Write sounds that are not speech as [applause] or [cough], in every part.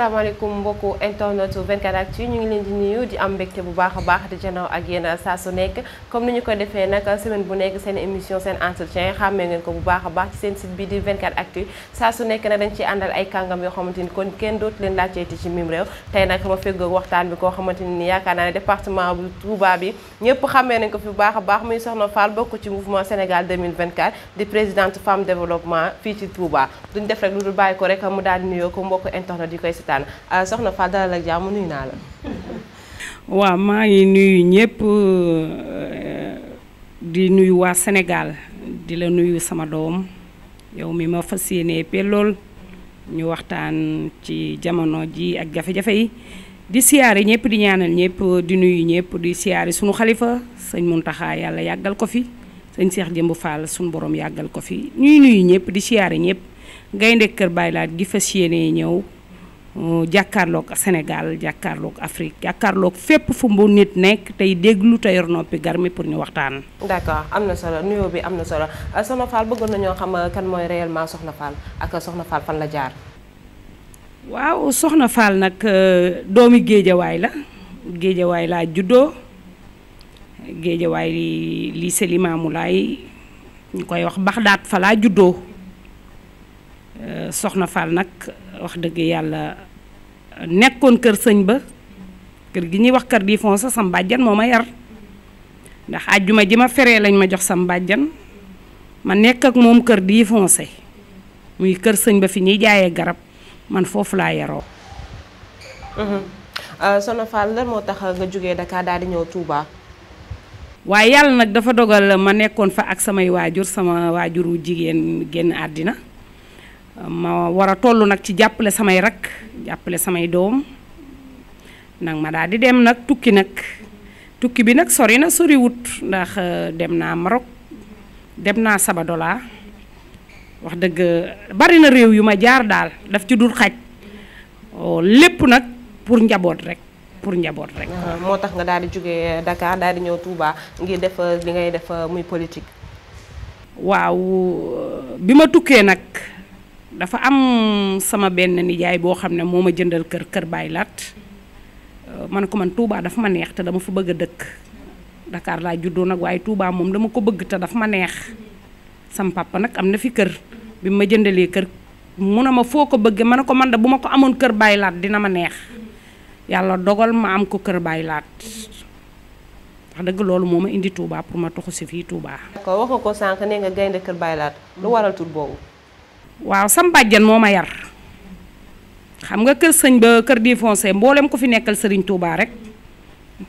asalaamaaleykum mbokku internet 24 actu ñu ngi leen di nuyu di am mbégte bu baax a baax di janoo ak yéen saa su nekk comme ni ñu ko defee nag semaine bu nekk seen émission seen entretien xàmmee ngeen ko bu baax a baax ci seen site bi di 24 actu saa su nekk nag dañ ciy ay kàngam yoo xamante ni kon kenn dootu leen laajteeti ci mim réew tey nag ma feggoog waxtaan bi koo xamante ni yaakaar naa ne département bu Touba bi ñëpp xàmmee nañ ko fi baax a baax muy Soxna Fall bokk ci Sénégal 2024 di présidente femme développement fii ci Touba duñ def rek lu dul bàyyi ko rek mu di nuyoo ko mbokk internet yi koy waxtaan euh, soxna Fall dalal ak jàmm nuyu naa la. waaw maa ngi nuyu ñëpp euh, di nuyu waa Sénégal di la nuyu sama doom yow mi ma fas yéenee pellool ñu waxtaan ci jamono ji ak jafe-jafe yi. di siyaare ñëpp di ñaanal ñëpp di nuyu ñëpp di siyaare sunu xalifa sëñ taxa yàlla yàggal ko fi sëñ Cheikh Jëmb Fall sunu borom yàggal ko fi ñuy nuyu ñëpp di siyaare ñëpp gaynde kër Baay gi fas yéenee ñëw. jàkkaarlook Sénégal jàkkaarlook Afrique jàkkaarlook fépp fu mu nit nekk tey déglu te yor noppi garmi pour ñu waxtaan. d'accord am na solo nuyoo bi am na solo euh, Soxna Fall bëggoon nañoo xam euh, kan mooy réellement Soxna Fall ak Soxna Fall fan la jaar. waaw Soxna Fall nag euh, doomi géejawaay la géejawaay laa juddoo géejawaay li lycée Limamou Laye ñu koy wax Baxdaat fa laa juddoo. Euh, soxna Fall nag wax dëgg yàlla nekkoon kër sëñ ba kër gi ñuy wax kër di fon sa bàjjan moo ma yar ndax àjjuma ji ma fere lañ ma jox sam bàjjan ma nekk ak moom kër di foncé muy kër sëñ ba fi ñuy jaayee garab man foofu laa yaroo. Mhm. Euh, soxna Fall lan moo tax nga jógee Dakar daal di ñëw tuubaa waaye yàlla nag dafa dogal ma nekkoon fa ak samay waajur sama waajur wu jigéen génn àddina ma war a toll nag ci jàppale samay rak jàppale samay doom nag ma daal di dem nag tukki nag tukki bi nag sori na sori wut ndax euh, dem naa Maroc dem naa Sabadola wax dëgg bari na réew yu ma jaar daal daf ci dul xaj oh, lépp nag pour njaboot rek pour njaboot rek. moo tax nga daal di jóge euh, Dakar dal di ñëw Touba ngir def euh, li ngay def muy politique. waaw bi ma tukkee nag. dafa am sama benn nijaay boo xam ne moo ma jëndal kër kër Baay Laat euh, man ko man Touba dafa ma neex te dama fa bëgg a dëkk ndakaar laay juddoo nag waaye tuubaa moom dama ko bëgg te dafa ma neex sam papa nag am na fi kër bi ma jëndalee kër mu ne ma foo ko bëggee ma ne ko man da bu ma ko amoon kër Baay Laat dina ma neex yàlla dogal ma am ko kër Baay Laat wax dëgg loolu moo ma indi tuubaa pour ma toxu si fii Touba. ko wax ko sànq nee nga gaynde kër Baay Laat lu waral tur boobu. waaw sam bàjjan moo ma yar xam nga kër sëñ ba kër di foncé mboolem ko fi nekkal sëriñ Touba rek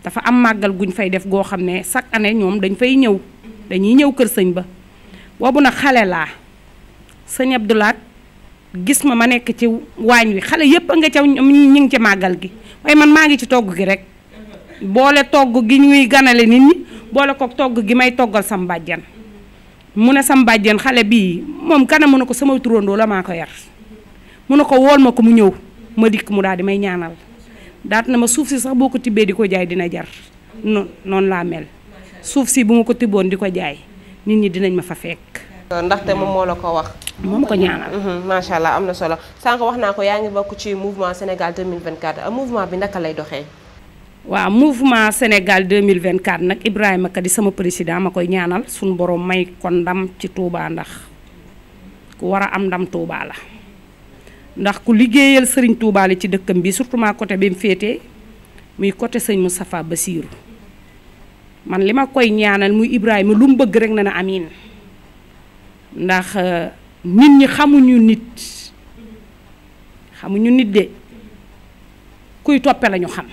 dafa am màggal guñ fay def goo xam ne chaque année ñoom dañ fay ñëw dañuy ñëw kër sëñ ba boobu nag xale laa sëñ Abdoulaat gis ma ma nekk ci waañ wi xale yépp a nga ca ñu ngi ci màggal gi waaye man maa ngi ci togg gi rek boole togg gi ñuy ganale nit ñi boole ko togg gi may toggal sam bàjjan mu ne sam bàjjen xale bii moom kanam mu ne ko sama turandoo la maa ko yar mu ne ko wool ma ko mu ñëw ma dikk mu daal di may ñaanal daat na ma suuf si sax boo ko tibbee di ko jaay dina jar noon noonu laa mel suuf si bu ma ko tibboon di ko jaay nit ñi dinañ ma fa fekk ndaxte moom moo la ko wax moom ko ñaanal mhm, macha allah am na solo sànq wax naa ko yaa ngi bokk ci mouvement Sénégal 2024 mouvement bi naka lay doxee waaw mouvement Sénégal 2024 nag Ibrahima Kadi sama président ma koy ñaanal suñu borom may kon ndam ci Touba ndax ku war a am ndam Touba la ndax ku liggéeyal sëriñ Touba la ci dëkkam bi surtout maa côté bi mu féete muy côté sëñ Moustapha Bassirou man li ma koy ñaanal muy Ibrahima lu mu bëgg rek na na amiin ndax euh, nit ñi xamuñu nit xamuñu nit de kuy toppe lañu xam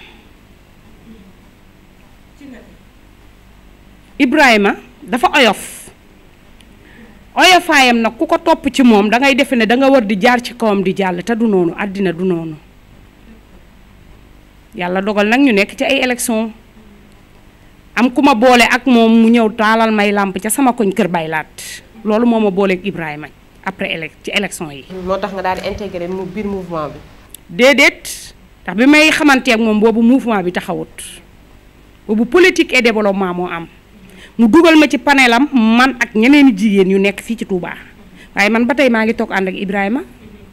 Ibrahima dafa oyof oyofaayam nag ku ko topp ci moom da ngay defe ne da nga war di jaar ci kawam di jàll te du noonu àddina du noonu yàlla dogal nag ñu nekk ci ay élection am ku ma boole ak moom mu ñëw taalal may làmp ca sama koñ kër baylaat loolu moo ma booleeg Ibrahima après élec ci élection yi. moo tax nga daal di intégré mu biir mouvement bi. déedéet ndax bi may xamanteeg moom boobu mouvement bi taxawut boobu politique et développement moo am. mu dugal ma ci panelam man ak ñeneen jigéen yu nekk fii ci Touba waaye man ba tey maa ngi toog ànd ak Ibrahima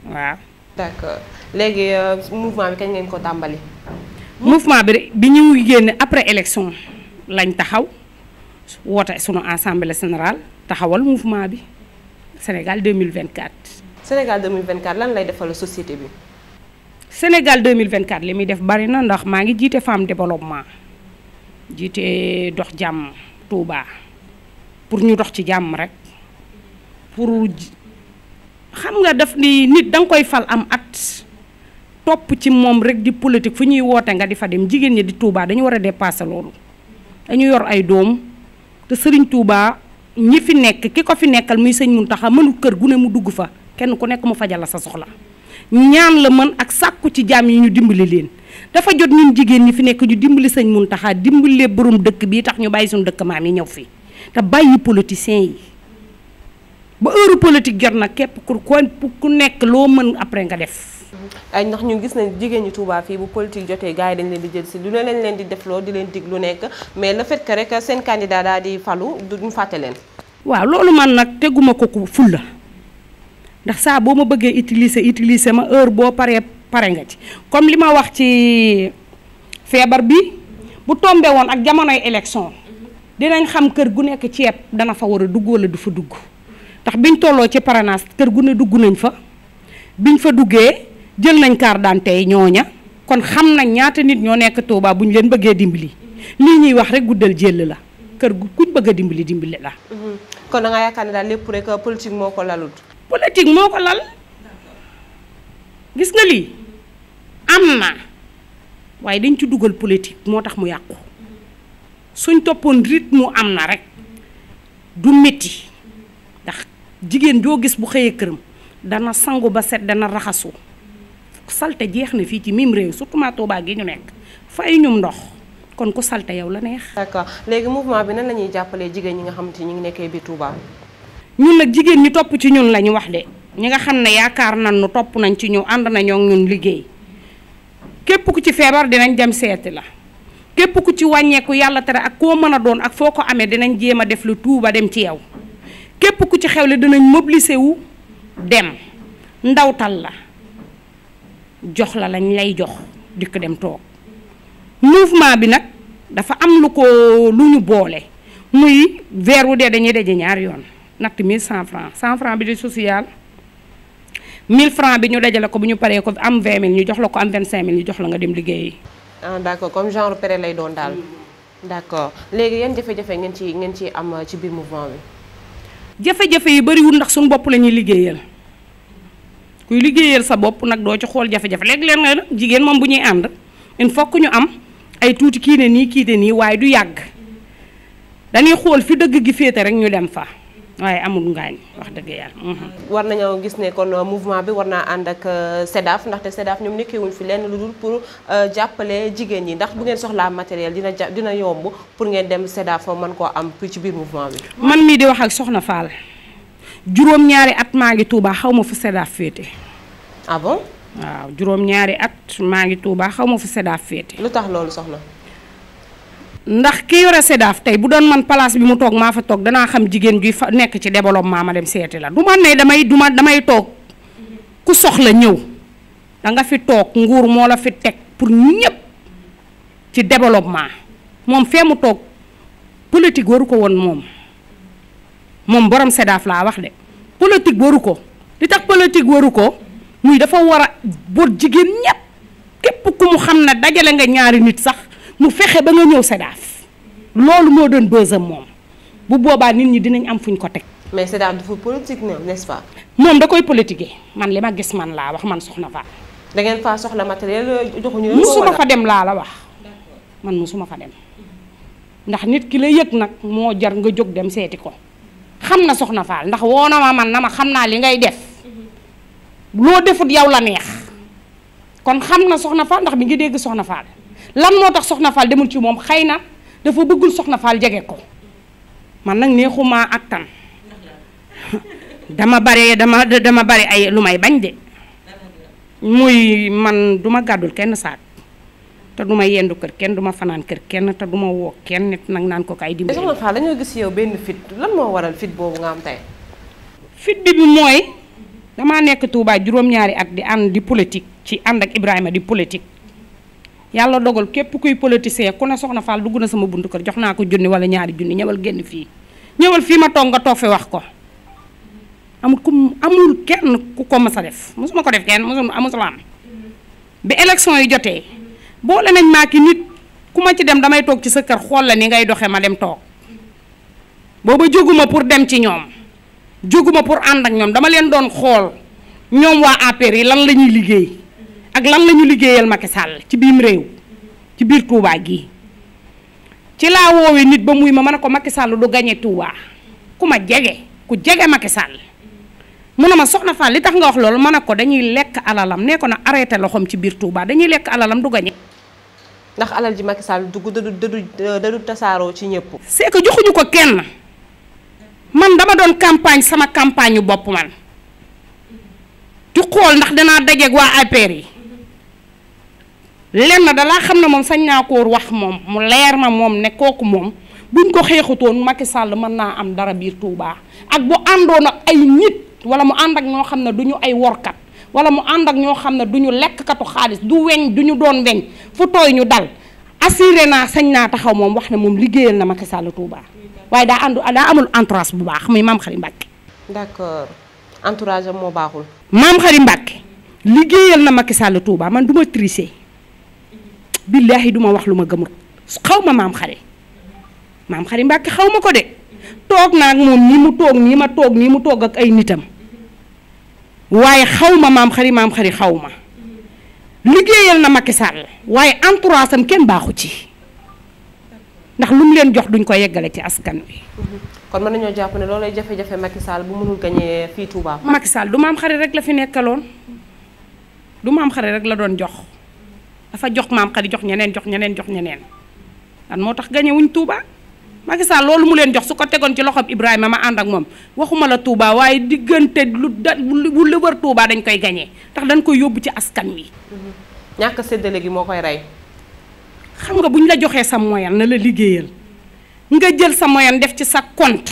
waaw. d'accord léegi euh, mouvement bi kañ ngeen ko tàmbali. mouvement bi bi ñu génn après élection lañ taxaw woote sunu assemblée générale taxawal mouvement bi Sénégal 2024. Sénégal 2024 lan lay defal société bi. Sénégal 2024 li muy def bari na ndax maa ngi jiite femme développement jiite dox jàmm. tuubaa pour ñu dox ci jàmm rek pour xam nga daf ni nit danga koy fal am at topp ci moom rek di politique fu ñuy woote nga di fa dem jigéen ñi di Touba dañu war a dépasser loolu dañu yor ay doom te sëriñ tuubaa ñi fi nekk ki ko fi nekkal muy sëñ Muntaxa mënul kër gu ne mu dugg fa kenn ku nekk mu fajal la sa soxla ñaan la mën ak sàkku ci jaam yi ñu dimbali leen dafa jot ñun jigéen ñi fi nekk ñu dimbali sëñ Muntaxa dimbali borom dëkk bii tax ñu bàyyi suñu dëkk maam yi ñëw fii te bàyyi politiciens yi ba heure politique jot nag képp ku ku nekk loo mën après nga def. ay ndax ñu gis nañ jigéen ñi Touba fii bu politique jotee gars yi dañ leen di jël si lu ne lañ leen di defloo di leen dig lu nekk mais la fait que rek seen candidat daal di falu duñu fàtte leen. waaw loolu man nag teguma ko ku fulla ndax saa boo ma bëggee utiliser utiliser ma heure boo paree pare nga ci comme li ma wax ci feebar bi bu tombé woon ak jamonoy élection dinañ xam kër gu nekk ceeb dana fa war a dugg wala du fa dugg ndax biñ tolloo ci parrainage kër gu ne dugg nañ fa biñ fa duggee jël nañ carte d'identité yi ñooña kon xam nañ ñaata nit ñoo nekk Touba bu ñu leen bëggee dimbali lii ñuy wax rek guddal jël la kër gu kuñ bëgg a dimbali dimbali la. Mm-hmm. kon da nga ne daal lépp rek politique moo ko lalut. politique moo ko lal gis nga lii. am na waaye dañ ci dugal politique moo tax mu yàqu suñ toppoon rythme am na rek du métti ndax jigéen joo gis bu xëyee këram dana sangu ba set dana raxasu salte jeex na fii ci mim réew surtout maa Tuubaa gi ñu nekk fay ñum ndox kon ku salte yow la neex. d'accord léegi mouvement la ñuy jàppalee jigéen ñi nga xamante ni ñu ngi nekkee biir Touba. ñun nag jigéen ñi topp ci ñun la ñu wax de ñi nga xam ne yaakaar nañ nu topp nañ ci ñu ànd nañoo ñun liggéey. képp ku ci feebar dinañ dem seeti la képp ku ci wàññeeku yàlla tere ak koo mën a doon ak foo ko amee dinañ jéem a def lu tuuba dem ci yow képp ku ci xew xewle dinañ mobiliser wu dem ndawtal la jox la lañ lay jox dikk dem toog mouvement bi nag dafa am lu ko lu ñu boole muy weer wu dee dañuy daje ñaar yoon natt 1000 cent francs 100 francs bi di social 1000 francs bi ñu dajale ko bu ñu paree ko am 20000 ñu jox la ko am 25000 ñu jox la nga dem liggéeyi. ah d'accord comme genre prêt lay doon daal. Mm. d'accord léegi yan jafe-jafe ngeen ci ngeen ci am euh, ci biir mouvement bi. jafe-jafe yi bëriwul ndax suñu bopp lañuy ñuy liggéeyal kuy liggéeyal sa bopp nag doo ci xool jafe-jafe léegi leen nga jigéen moom bu ñuy ànd il faut ñu am ay tuuti kii ne nii kii ne nii waaye du yàgg dañuy xool fi dëgg gi féete rek ñu dem fa. waaye amul ngaañ wax dëgg yàlla. Mhm. war nañoo gis ne kon mouvement bi war naa ànd ak euh, SEDAF ndaxte SEDAF ñoom nekkeewuñ fi lenn lu dul pour euh, jàppale jigéen ñi ndax bu ngeen soxlaa matériel dina ja dina yomb pour ngeen dem SEDAF mën koo am ci biir mouvement bi. man mii di wax ak Soxna Fall juróom-ñaari at maa ngi tuubaa xaw ma fu SEDAF féete. ah bon. waaw juróom-ñaari at maa ngi tuubaa xaw ma fu SEDAF féete. lu tax loolu soxna. ndax ki yore SEDAF tey bu doon man place bi mu toog maa fa toog danaa xam jigéen juy fa nekk ci développement ma dem seeti la du ma ne damay du damay toog ku soxla ñëw da nga fi toog nguur moo la fi teg pour ñëpp ci développement moom fee mu toog politique waru ko woon moom moom borom SEDAF laa wax de politique waru ko li tax politique waru ko muy dafa war a boot jigéen ñëpp képp ku mu xam na dajale nga ñaari nit sax. mu fexe ba nga ñëw SEDAF loolu moo doon bësam moom bu boobaa nit ñi dinañ am fuñ ko teg. mais SEDAF dafa politique n'est-ce pas. moom da koy politiquer man li ma gis man laa wax man soxna Fall. da ngeen faa soxla matériel euh, joxuñu leen musuma fa dem laa la wax. man musuma fa dem. ndax nit ki la yëg nag moo jar nga jóg dem seeti ko. xam na soxna Fall ndax woo na man na ma xam naa li ngay def. loo defut yow la neex. kon xam na soxna Fall ndax bi ngi dégg soxna faal lan moo tax soxna Fall demul ci moom xëy na dafa bëggul soxna Fall jege ko man nag neexuma ak tan dama bare dama dama bare ay lu may bañ de muy man duma gàddul kenn saak te du ma yendu kër kenn duma fanaan kër kenn te du ma woo kenn nit nag naan ko kay dimbali. soxna gis yow benn fit lan moo waral fit boobu fit bi bi mooy damaa nekk Touba juróom-ñaari at di ànd di politique ci ànd ak Ibrahima di politique. yàlla dogal képp kuy politicien ku ne soxna Fall dugg na sama buntu kër jox naa ko junni wala ñaari junni ñëwal génn fii ñëwal fii ma toog nga toog fi wax ko amul ku amul kenn ku ko mës a def ma ko def kenn mosuma amosula am bi élection yi jotee boole nañ maa ki nit ku ma ci dem damay toog ci sa kër xool la ni ngay doxee ma dem toog booba jóguma pour dem ci ñoom jóguma pour ànd ak ñoom dama leen doon xool ñoom waa APR yi lan la ñuy liggéey ak lan la ñu liggéeyal Macky Sall ci biim réew ci biir Touba gi ci laa woowe nit ba muy ma mën a ko Macky Sall du gañe Touba ku ma jege ku jege Macky Sall mu ne ma soxna Fall li tax nga wax loolu ma ne ko dañuy lekk alalam nee ko na arrêté loxoom ci biir Touba dañuy lekk alalam du gañe ndax alal ji Macky Sall dugg dadu dadu dadu tasaaroo ci ñëpp. c'est que joxuñu ko kenn man dama doon campagne sama campagne yu bopp man ci xool ndax danaa dajeeg waa APR yi. lenn dalaa xam ne moom sañ naa koo wax moom mu leer ma moom ne kooku moom buñ ko xeexutoon Macky Sall man naa am dara biir Touba ak bu àndoon ak ay nit wala mu ànd ak ñoo xam ne du ñu ay workat wala mu ànd ak ñoo xam ne du ñu lekkkatu xaalis du weñ du ñu doon weñ fu tooy ñu dal assuré naa sañ naa taxaw moom wax ne moom liggéeyal na Macky Sall Touba waaye daa àndu daa amul entourage bu baax muy maam Xari Mbàkke. d'accord entourage am moo baaxul. maam Xari Mbàkke liggéeyal na Macky Sall tuubaa man du ma tricher. billaahi duma wax lu ma gëmul xaw ma maam xari maam xari mbàkke xaw ma ko de toog naa ak moom nii mu toog nii ma toog nii mu toog ak ay nitam waaye xaw ma maam xari maam xari xaw ma liggéeyal na Macky Sall waaye entourage am kenn baaxu ci ndax lu mu leen jox duñ ko yeggale ci askan wi. kon mën nañoo jàpp ne loolay jafe-jafe Macky Sall bu mënul gañee du maam xari rek la fi nekkaloon du maam xari rek la doon jox. dafa jox maam xadi jox ñeneen jox ñeneen jox ñeneen lan moo tax gañe wuñ Touba Macky Sall loolu mu leen jox su ko tegoon ci loxob Ibrahima ma ànd ak moom waxuma la Touba waaye diggante lu da lu lu wër Touba dañ koy gañe tax dañ koy yóbbu ci askan wi. Mm-hmm. ñàkk séddale gi moo koy rey. xam nga bu ñu la joxee sa moyen na la liggéeyal nga jël sa moyen def ci sa compte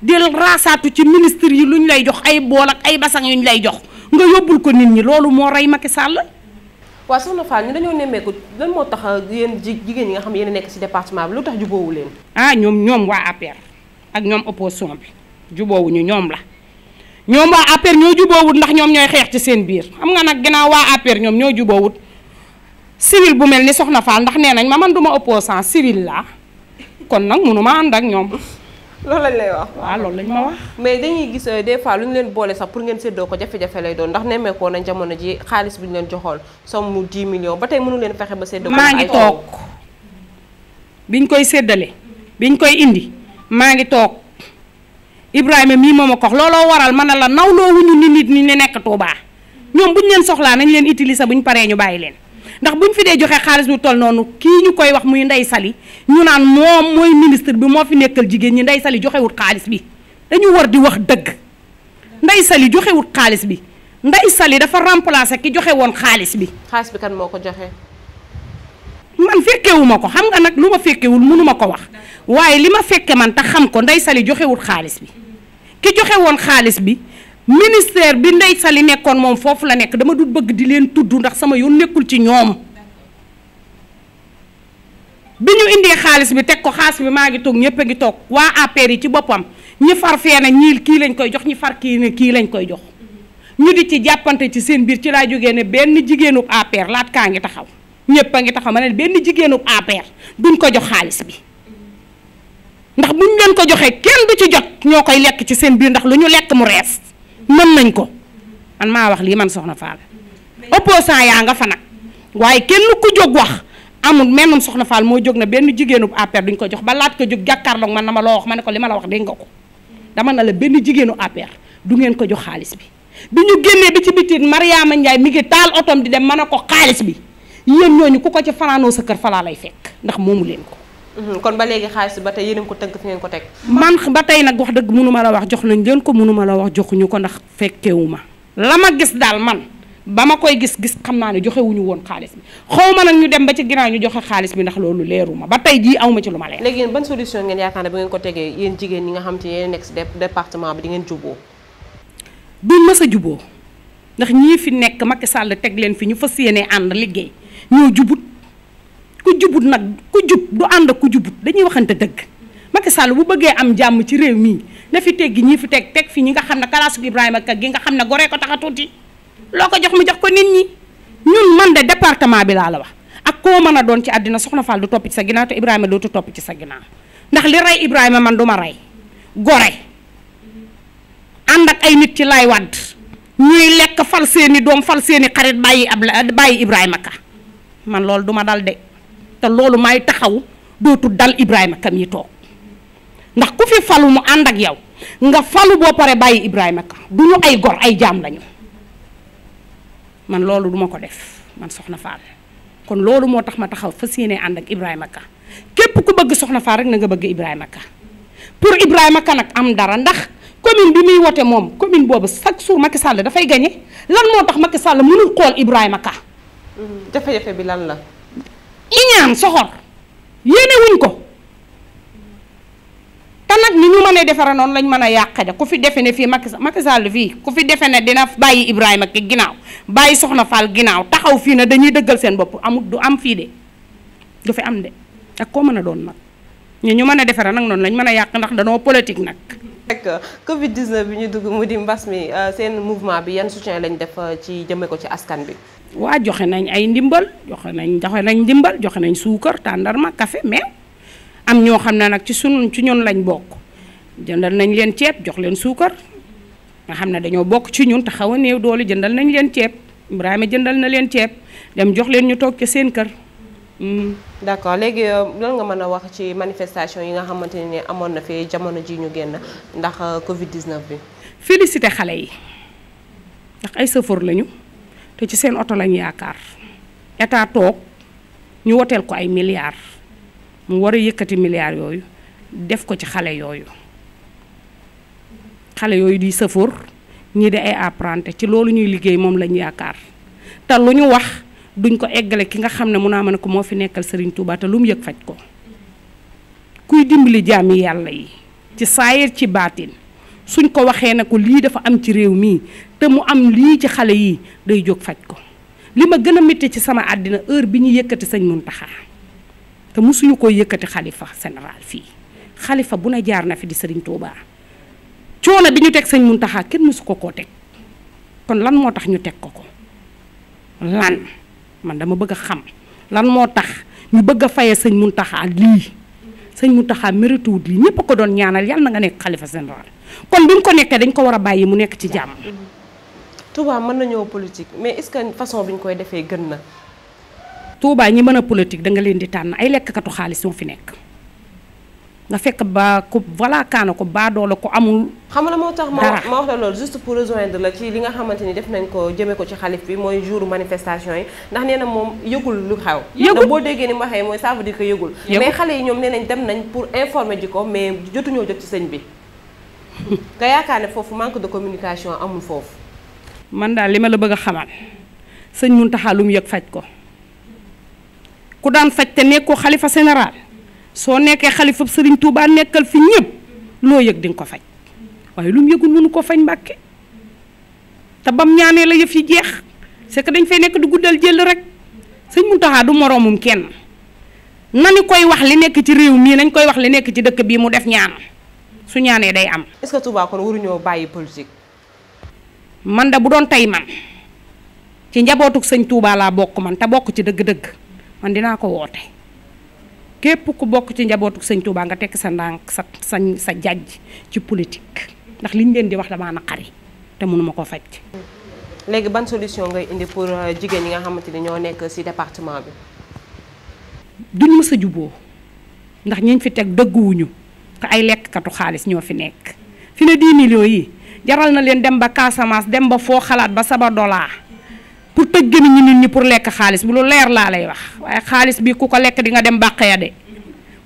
del raasaatu ci ministre yi lu ñu lay jox ay bool ay basang yu ñu lay jox nga yóbbul ko nit ñi loolu moo rey Macky Sall waaw soxna Fall ñu dañoo nemmeeku lan moo tax uh, yéen jigéen ñi nga xam ne nekk ci département bi lu tax jubóowu leen. ah ñoom ñoom waa APR ak ñoom opposition bi jubóowuñu ñoom la ñoom waa APR ñoo jubóowut ndax ñoom ñooy xeex seen biir xam nga nag ginnaaw waa APR ñoom ñoo jubóowut civil bu mel ni soxna Fall ndax nee nañ ma man du ma opposant civil laa kon nag mënu ma ànd ak ñoom. loolu lañ lay wax. waaw ah, loolu lañ ma wax. mais dañuy gis euh, des fois lu ñu leen boole sax pour ngeen séddoo ko jafe-jafe lay doon ndax nemmeekoo nañ jamono ji xaalis bi ñu leen joxoon somme mu 10 millions ba tey mënu leen fexe ba séddoo. maa ngi toog biñ koy séddale biñ koy indi maa ngi toog Ibrahima mii moom a kox looloo waral ma a la nawloo wuñu nit nit ñi nekk Touba ñoom buñ leen soxlaa nañ leen utiliser buñ paree ñu bàyyi leen. ndax bu ñu fi dee joxe xaalis bu toll noonu kii ñu koy wax muy Ndeye Sali ñu naan moom mooy ministre bi moo fi nekkal jigéen ñi Ndeye Sali joxewut xaalis bi dañu war di wax dëgg Ndeye Sali joxewut xaalis bi Ndeye Sali dafa remplacer ki joxe woon xaalis bi. xaalis bi kan moo ko joxe. man fekkewuma ko xam nga nag lu ma fekkewul mënuma ko wax waaye li ma fekke man te xam ko Ndeye Sali joxewut xaalis bi ki joxe woon xaalis bi. ministère bi sa li nekkoon moom foofu la nekk dama du bëgg di leen tudd ndax sama yoon nekkul ci ñoom bi ñu indee xaalis bi teg ko xaalis bi maa ngi toog ñëpp a ngi toog waa APR yi ci boppam ñi far fee na ñiil kii lañ koy jox ñi far kii kii lañ koy jox ñu di ci jàppante ci seen biir ci laa jógee ne benn jigéenu APR laat kaa ngi taxaw ñëpp a ngi taxaw ma ne benn jigéenu APR duñ ko jox xaalis bi ndax buñ leen ko joxee kenn du ci jot ñoo koy lekk ci seen biir ndax lu ñu lekk mu rees mën nañ ko man maa wax lii man soxna Fall opposant yaa nga fa nag waaye kenn ku jóg wax amul mennum soxna faal moo jóg na benn jigéenu APR duñ ko jox ba laat ko jóg jàkkaarloog man na ma loo wax ma ne ko li ma la wax dégg nga ko dama na la benn jigéenu APR du ngeen ko jox xaalis bi bi ñu génnee bi ci bitit Mariama Ndiaye mi ngi taal otom di dem mën a ko xaalis bi yéen ñooñu ku ko ci fanaanoo sa kër falaa lay fekk ndax moomu leen ko Mhm, kon ba léegi xaalis ba tey yéen a ko tënk fi ngeen ko teg. man ba tey nag wax dëgg mënu ma la wax jox nañ leen ko mënu ma la wax joxuñu ko ndax fekkewu ma la ma gis daal man ba ma koy gis-gis xam naa ne joxewuñu woon xaalis bi xaw ma nag ñu dem ba ci ginnaaw ñu joxe xaalis bi ndax loolu leeruma ba tey jii aw ma ci lu ma leer. léegi yéen ban solution ngeen yaakaar ne bu ngeen ko tegee yéen jigéen ñi nga xam te yéen nekk si département bi di ngeen juboo duñ mës a juboo ndax ñii fi nekk Macky sàll teg leen fi ñu fas yéenee ànd liggéey ku jubut nag ku jub du ànd ak ku jubut dañuy waxante dëgg Macky Sall bu bëggee am jàmm ci réew mii na fi teggi ñii fi teg teg fii ñi nga xam ne kalaasu Ibrahima Ka gi nga xam ne goree ko tax a tuuti loo ko jox mu jox ko nit ñi ñun man de département bi laa la wax ak koo mën a doon ci àddina soxna Fall du topp ci sa ginnaaw te Ibrahima dootu topp ci sa ginnaaw ndax li rey Ibrahima man du ma rey gore ànd ak ay nit ci lay wadd ñuy lekk fal seeni doom fal seeni xarit bàyyi ab bàyyi Ibrahima man loolu duma dal de te loolu may taxaw dootul dal Ibrahima Ka yi toog ndax ku fi falu mu ànd ak yow nga falu boo pare bàyyi Ibrahima Ka du ñu ay gor ay jaam lañu man loolu duma ko def man soxna Fall kon loolu moo tax ma taxaw fa yéene ànd ak Ibrahima Ka képp ku bëgg soxna faa rek na nga bëgg Ibrahima Ka pour Ibrahima Ka nag am dara ndax commune bi muy wote moom commune boobu chaque jour Macky Sall dafay gañe lan moo tax Macky Sall mënul xool Ibrahima Ka. jafe-jafe bi lan la. iñaan soxor yéenewuñ ko te nag ni ñu mënee defara noonu lañ mën a yàq de ku fi defe ne fii Macky Macky Sall fii ku fi defe ne dina bàyyi Ibrahima ki ginnaaw bàyyi Soxna Fall ginnaaw taxaw fii ne dañuy dëggal seen bopp amut du am fii de du fi am de ak koo mën a doon nag ñu ñu mën a defara nag noonu lañ mën a yàq ndax danoo politique nag rek Covid 19 bi ñu dugg mu di mbas mi euh, seen mouvement bi yan soutien lañ def euh, ci jëme ko ci askan bi waa joxe nañ ay ndimbal joxe nañ joxe nañ ndimbal joxe nañ suukar tàndarma kafe meew am ñoo xam ne nag ci suñu ci ñun lañ bokk jëndal nañ leen ceeb jox leen suukar nga xam ne dañoo bokk ci ñun te xaw a néew doole jëndal nañ leen ceeb Ibrahima jëndal na leen ceeb dem jox leen ñu toog ca seen kër. Hmm. d'accord léegi euh, loolu nga mën a wax ci manifestation yi nga xamante ne amoon na fi jamono ji ñu génn ndax euh, Covid 19 bi. félicité xale yi ndax ay sëfoor lañu. te ci seen oto lañ yaakaar état toog ñu woteel ko ay milliards mu war a yëkkati milliards yooyu def ko ci xale yooyu xale yooyu di sëfoor ñii de ay apprenti ci loolu ñuy liggéey moom lañ yaakaar te lu ñu wax duñ ko eggale ki nga xam ne mun naa ma ne ko moo fi nekkal Serigne Touba te lu mu yëg faj ko kuy li jaami yàlla yi ci saayir ci baatin suñ ko waxee ne ko lii dafa am ci réew mii te mu am lii ci xale yi day jóg faj ko li ma gën a métti ci sama àddina heure bi ñu yëkkati sëñ Muntaxa te musuñu ko yëkkati xalifa général fii xalifa bu ne jaar na fi di sëriñ Touba coono bi ñu teg sëñ Muntaxa kenn mosu ko koo teg kon lan moo tax ñu teg ko ko lan man dama bëgg a xam lan moo tax ñu bëgg a faye sëñ Muntaxa lii sëñ Muntaxa mérituwut lii ñépp a ko doon ñaanal yàlla na nga nekk xalifa général kon bi mu ko nekk dañ ko war a bàyyi mu nekk ci jàmm. Mm-hmm. Touba mën na ñëw politique mais est-ce que façon bi ñu koy defee gën na. Touba ñi mën a politique da nga leen di tànn ay lekkkatu xaalis ñoo fi nekk nga fekk ba ko voilà kaana ko baadoole ko amul. xam nga moo tax ma wax ma wax la loolu juste pour rejoindre la ci li nga xamante ni def nañ ko jëmee ko ci xalif bi mooy jour manifestation yi ndax nee na moom yëgul lu xew. yëgul boo déggee ni mu waxee mooy ça veut dire que yëgul. mais xale yi ñoom nee nañ dem nañ pour informer ko mais jotuñoo jot ci sëñ bi. nga yaakaar ne foofu manque de communication amul foofu. man daal li ma la bëgg a xamal sëñ Muntaxa lu mu yëg faj ko ku daan faj te nekkoo xalifa général soo nekkee xalifa sëriñ Touba nekkal fi ñëpp loo yëg di ko faj waaye lu mu yëgul mënu koo faj mbàkke te bam ñaanee la yëf yi jeex c'est que dañ fay nekk du guddal jël rek sëñ Muntaxa du moroomum kenn nani koy wax li nekk ci réew mii nañ koy wax li nekk ci dëkk bii mu def ñaan su ñaanee day am. est-ce que Touba kon waruñoo bàyyi politique. man da bu doon tey man ci njabootu sëñ Touba laa bokk man te bokk ci dëgg-dëgg man dinaa ko woote képp ku bokk ci njabootu sëñ tuubaa nga tekk sa ndànk sa sa sa jàjj ci politique ndax liñ leen di wax damaa naqari te mënuma ko faj. léegi ban solution ngay indi pour euh, jigéen ñi nga xamante ni ñoo nekk ci département bi. duñ mës a juboo ndax ñiñ fi teg dëgguwuñu te ay lekkkatu xaalis ñoo fi nekk fi ne 10 millions yi jaral na leen dem ba Casamance dem ba foo xalaat ba saba dollar pour tëj gën ñi nit ñi pour lekk xaalis bu lu leer laa lay wax waaye xaalis bi ku ko lekk di nga dem bàq ya de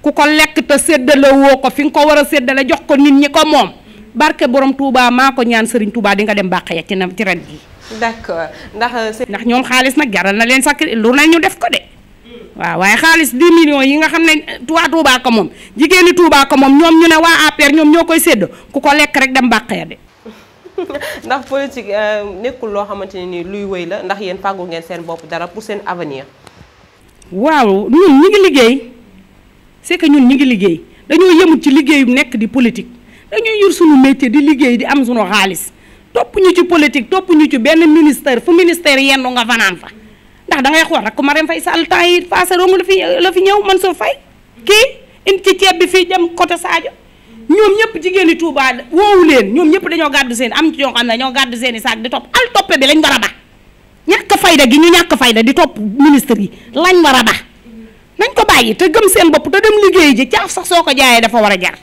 ku ko lekk te séddale ko fi nga ko war a séddale jox ko nit ñi ko moom barke borom Touba maa ko ñaan Serigne Touba di nga dem bàq ya ci na ci ren gi. d'accord ndax. Euh, ndax ñoom xaalis nag jaral na leen sakk lu ne ñu def ko de. waaw waaye xaalis 10 millions yi nga xam ne waa Touba moom jigéeni Touba ko moom ñoom ñu ne waa APR ñoom ñoo koy sédd ku ko lekk rek dem bàq ya de. [laughs] ndax politique euh, nekkul loo xamante ne nii luy wéy la ndax yéen fàggu ngeen seen bopp dara pour seen avenir. waaw ñun ñu ngi liggéey c'est que ñun ñu ngi liggéey dañoo yëmut ci liggéeyu nekk di politique dañuy yor sunu métier di liggéey di am sunu xaalis topp ñu ci politique topp ñu ci benn ministère fu ministère yendu nga fanaan ndax da ngay xool rek Marème Faye sa temps yi passé romb la fi la fi ñëw Mansour Faye kii indi ci ceeb bi fii dem côté Sadio ñoom ñëpp jigéen ñi Touba woowu leen ñoom ñëpp dañoo gàddu seen am ci ñoo xam ne ñoo gàddu seeni i saak di topp al toppe bi lañ war a ba ñàkk fayda gi ñu ñàkk fayda di topp ministre yi lañ war a ba nañ ko bàyyi te gëm seen bopp te dem liggéey ji caaf sax soo ko jaayee dafa war a jar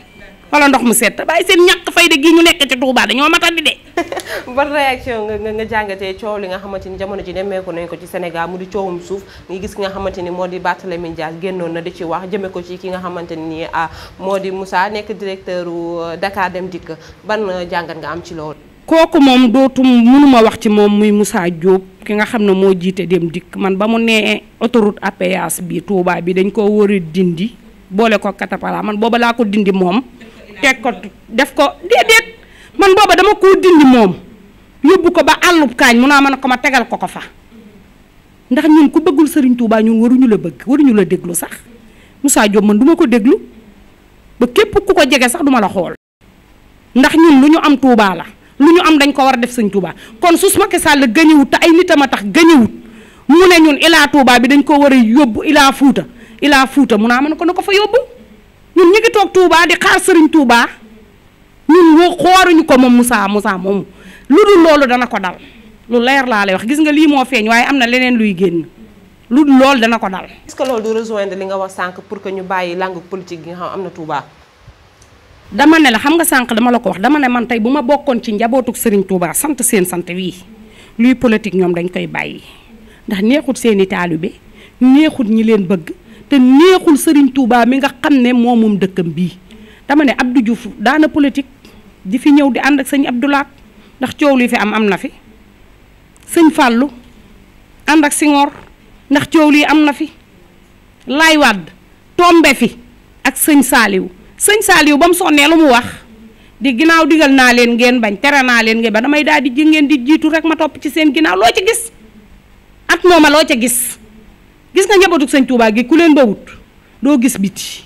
wala ndox mu set bàyyi seen ñàkk fayda gi ñu nekk ci Touba dañoo matandi de. [laughs] ban réaction nga jàngatee coow li nga xamante ni jamono ji nemmeeku nañ ko ci Sénégal mu di coowum suuf ngi gis ki nga xamante ni moo di Barthélémy Dias génnoon na di ci wax jëme ko ci ki nga xamante ni ah moo di Moussa nekk directeur u euh, Dakar Dem Dikk ban euh, jàngat nga am ci loolu. kooku moom dootum mënuma wax ci moom muy Moussa Diop ki nga xam ne moo jiite Dem Dikk man ba mu nee autoroute à péage bi tuubaa bi dañ koo war a dindi boole ko katapara man booba laa ko dindi moom. teg ko def ko déedéet man booba dama koo dindi moom yóbbu ko ba àllub kaañ mu naa mën a ko ma tegal ko ko fa ndax ñun ku bëggul sëriñ Touba ñun waruñu la bëgg waruñu la déglu sax Moussa Diop man du ko déglu ba képp ku ko jege sax duma la xool ndax ñun lu ñu am Touba la lu ñu am dañ ko war a def Serigne Touba kon ma Macky Sall gañewut te ay nitam a tax gañewut mu ne ñun ilaa Touba bi dañ ko war a yóbbu ilaa Fuuta ilaa Fuuta mu naa mën ko na ko fa yóbbu lu ñu ngi toog Touba di xaar Serigne tuubaa lu woo xooruñu ko moom Moussa Moussa moomu lu dul loolu dana ko dal lu leer laa lay wax gis nga lii moo feeñ waaye am na leneen luy génn lu dul loolu dana ko dal. est-ce que loolu du rejoindre li nga wax sànq pour que ñu bàyyi langue politique gi nga xam am na Touba. dama ne la xam nga sànq dama la ko wax dama ne man tey bu ma bokkoon ci njabootu Serigne Touba sant seen sant wii luy politique ñoom dañ koy bàyyi ndax neexut seeni taalibe neexut ñi leen bëgg. te neexul sëriñ Touba mi nga xam ne moo moom dëkkam bii dama ne Abdou Diouf daana politik di fi ñëw di ànd ak sëñ Abdou ndax coow li fi am am na fi sëñ Fàllu ànd ak Senghor ndax coow lii am na fi lay Wàdd tombe fi ak sëñ Saaliw sëñ Saaliw ba mu sonnee lu mu wax di ginnaaw digal naa leen ngeen bañ tere naa leen ngeen ba damay daal di ji ngeen di jiitu rek ma topp ci seen ginnaaw loo ci gis at mooma loo ca gis gis nga njabootug sëñ Touba gi ku leen ba wut doo gis biti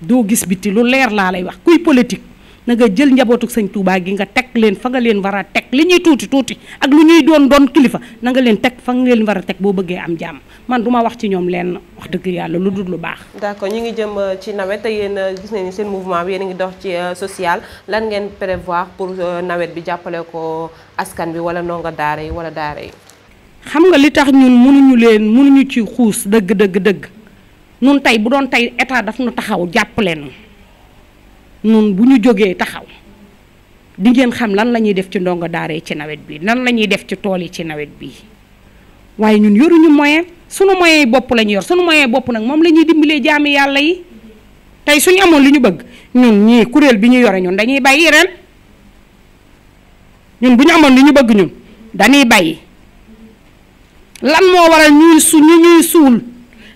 doo gis biti lu leer laa lay wax kuy politique na nga jël njabootug sañ Touba gi nga teg leen fa nga leen war a teg li ñuy tuuti tuuti ak lu ñuy doon doon kilifa na nga leen teg fa nga leen war a teg boo bëggee am jàmm man duma wax ci ñoom leen wax dëgg yàlla lu dul lu baax. ko ñu ngi jëm euh, ci nawet te yéen euh, gis ñu seen mouvement bi yéen a ngi dox ci euh, social lan ngeen prévoir pour nawet bi jàppale ko askan bi wala ndongo daara yi wala daara yi. xam nga li tax ñun mënuñu leen mënuñu ci xuus dëgg dëgg dëgg nun tey bu doon tey état daf nu taxaw jàpp leen nun bu ñu jógee taxaw di ngeen xam lan lañuy def ci ndongo daara ci nawet bii lan la ñuy def ci tool yi ci nawet bi waaye ñun yoruñu moyen sunu moyen bopp la ñu yor sunu moyen bopp nag moom la ñuy dimbalee jaami yàlla yi tey ñu amoon li ñu bëgg ñun ñii kuréel bi ñu yore ñun dañuy bàyyi ren ñun bu ñu amoon li ñu bëgg ñun dañuy bàyyi lan moo waral ñuy su ñu ñuy suul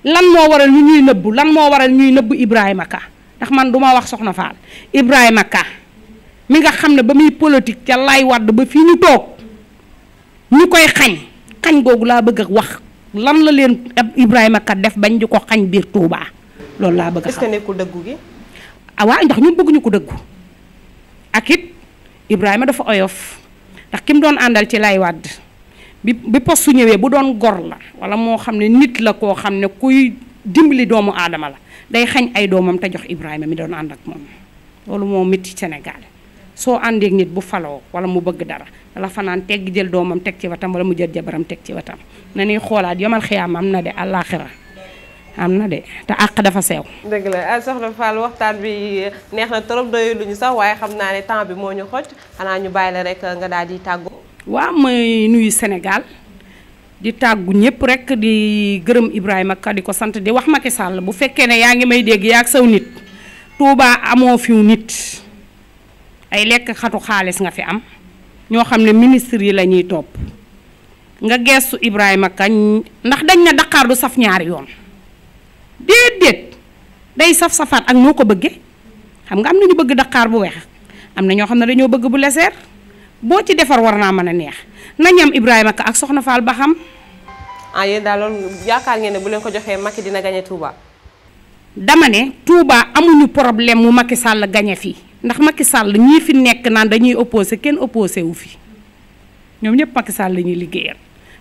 lan moo waral ñu ñuy nëbbu lan moo waral ñuy nëbbu Ibrahima Ka ndax man du ma wax soxna Fall Ibrahima Ka mi nga xam ne ba muy politique ca lay wadd ba fii ñu toog ñu koy xañ xañ googu laa bëgg a wax lan la leen ab Ibrahima Ka def bañ di ko xañ biir Touba loolu laa bëgg a xam. est-ce que nekkul ah, ndax ñun bëgguñu ko dëggu ak it Ibrahima dafa oyof ndax kim doon àndal ci lay wadd bi bi su ñëwee bu doon gor la wala moo xam ne nit la koo xam ne kuy dimbali doomu aadama la day xañ ay doomam te jox Ibrahima mi doon ànd ak moom loolu moo métti Sénégal soo àndeek nit bu faloo wala mu bëgg dara la fanaan tegg jël doomam teg ci watam wala mu jël jabaram teg ci watam na ñuy xoolaat yomal xiyaam am na de àllaaxira am na de te àq dafa sew. dëgg la ah, soxna Fall waxtaan bi eh, neex na trop doyul sax waaye xam naa ne temps bi moo ñu xoj xanaa ñu bàyyi rek nga daal di tàggoo. waaw may nuyu senegal di tàggu ñëpp rek di gërëm Ibrahima Ka di ko sant di wax Macky Sall bu fekkee ne yaa ngi may dégg yaa ak saw nit Touba amoo fiw nit ay lekk xatu xaalis nga fi am ñoo xam ne ministre yi la ñuy topp nga geestu Ibrahima Ka ndax dañ na Dakar du saf ñaari yoon déedéet day saf safaat ak noo ko bëggee xam nga am na ñu bëgg daqaar bu weex am na ñoo xam ne dañoo bëgg bu leseer boo ci defar war naa mën a neex nañ am Ibrahima ak Soxna Fall ba xam. ah yéen daal loolu yaakaar ngeen ne bu leen ko joxee Macky dina gagné Touba. dama ne Touba amuñu problème mu Macky Sall gagné fii ndax Macky Sall ñii fi nekk naan dañuy opposé kenn opposé wu fi ñoom ñëpp Macky Sall la ñuy liggéeyal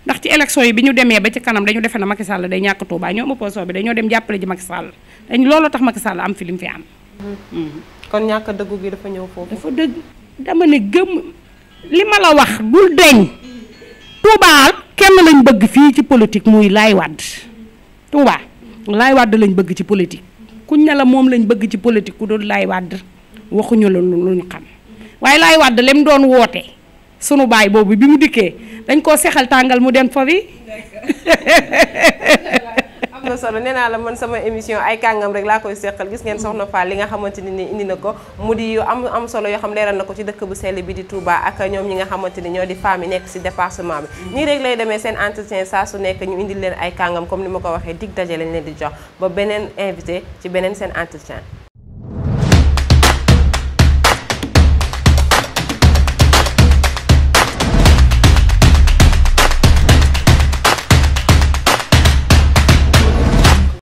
ndax ci élection yi bi ñu demee ba ci kanam dañu defe na Macky Sall day ñàkk Touba ñoom opposition bi dañoo dem jàppale ji Macky Sall dañ tax Macky Sall am fi li mu fi am. Mm-hmm. kon ñàkk dëggu gi dafa ñëw foofu. dafa dëgg dama ne gëm. li ma la wax bul deñ Touba kenn lañ bëgg fii ci politique muy Laay Wàdd Touba Laay Wàdd lañ bëgg ci politique kuñ ne la moom lañ bëgg ci politique ku dul Laay Wàdd waxuñu la luñ xam waaye Laay Wàdd lim doon woote sunu baay boobu bi mu dikkee dañ koo seexal tàngal mu dem fa bi [laughs] am solo nee naa la man sama émission ay kàngam rek laa koy seqal gis ngeen soxna Fall li nga xamante ni indi na ko mu di am am solo yoo xam leeral na ko ci dëkk bu sell bi di Touba ak ñoom ñi nga xamante ni ñoo di femme yi nekk si département bi mm-hmm. nii rek lay demee seen entretien saa su nekk ñu indil leen ay kàngam comme ni ma ko waxee dig daje lañ leen di jox ba beneen invité ci beneen seen entretien